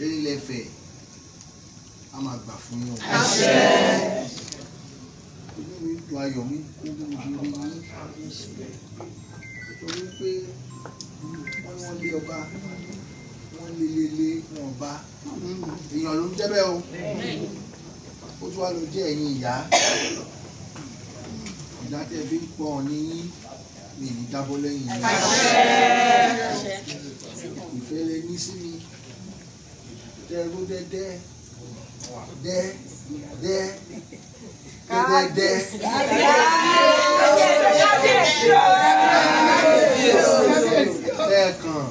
erilẹfẹ a máa gbà fún yín o. inú mi dùn ayọ̀ mi kó bí mo ṣe rí yín torí pé wọ́n lé ọba wọ́n lé lé lé wọn ọba èèyàn ló ń jẹ́ o ó tún wá lọ jẹ́ ẹ̀yin ìyá ìdá tẹ̀ fi ń pọ̀ ní mi ní dábọ́ lẹ́yìn yín ìfẹ́ lẹ ní sí mi dẹrú dẹdẹ dẹ dẹ dẹdẹdẹ. lẹ́ẹ̀kan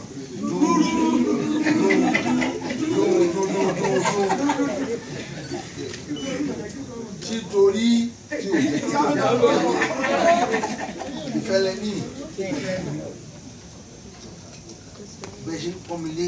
títorí tí ò jẹ́ tí ò ìfẹ́lẹ́ ní bẹ́ẹ̀ ṣe ń pọ́nmi lé.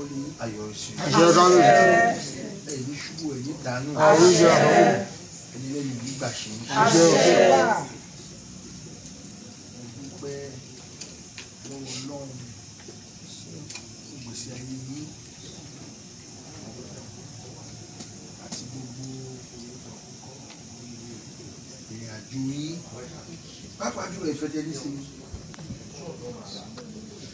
olè àyọrísí ẹni ṣubú ẹni dànù ẹni lẹ́yìn gbígbà ṣe ń ṣe dúpẹ́ lọ́wọ́ ọlọ́run ìgbésí ayé yín àti gbogbo ìrìn àjò yín pápá jùlọ ìfẹ́ tẹ́lẹ̀ sí i.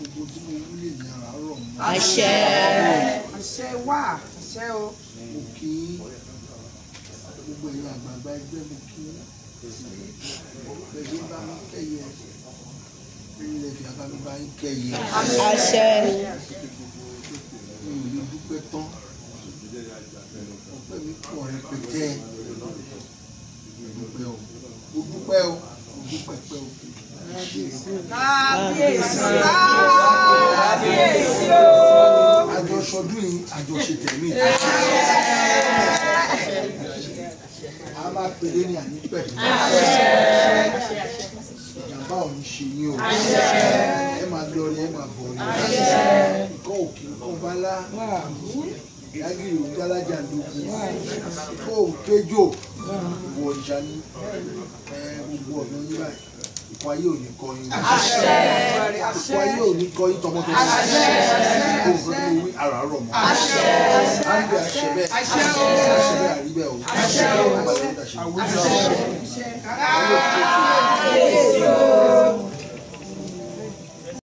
gbogbo tí mo wí lè ní àràárọ̀ mọ́. àṣẹ. àṣẹ wà àṣẹ o. mo kí gbogbo ẹ̀yin àgbààgbà ẹgbẹ́ mo kí bẹ̀rẹ̀ bá mi kẹ́yẹ ilẹ̀ fi àbámi bá ń kẹ́yẹ. àṣẹ. mi ò lè dúpẹ́ tán ọpẹ́ mi pọ̀ rẹpẹtẹ mo dúpẹ́ o ìlú pẹpẹ òkè. kábíyèsí kábíyèsí o. àjọṣọdún yìí àjọṣe tẹ̀mí. a máa pèlè ní ànípẹ̀. ìjàmbá ò ní ṣe yín o. ẹ máa lọ rí ẹ máa bọ̀ rí. ìkọ́ òkè ìkọ́ bala. ìyá gírì òjò alájà lógun. ìkọ́ òkè jò gbogbo ọjà ní gbogbo ọ̀dọ́ ní báyìí ayé ò ní yín ikú ayé ò ní kọ́ yín tọmọtọmọ kó o fẹ́ ara rọ̀ mọ́ àríbẹ̀ àṣẹ bẹ́ẹ̀ àṣẹ bẹ́ẹ̀ àríbẹ̀ o àṣẹ bẹ́ẹ̀ àṣẹ bẹ́ẹ̀ àṣẹ bẹ́ẹ̀.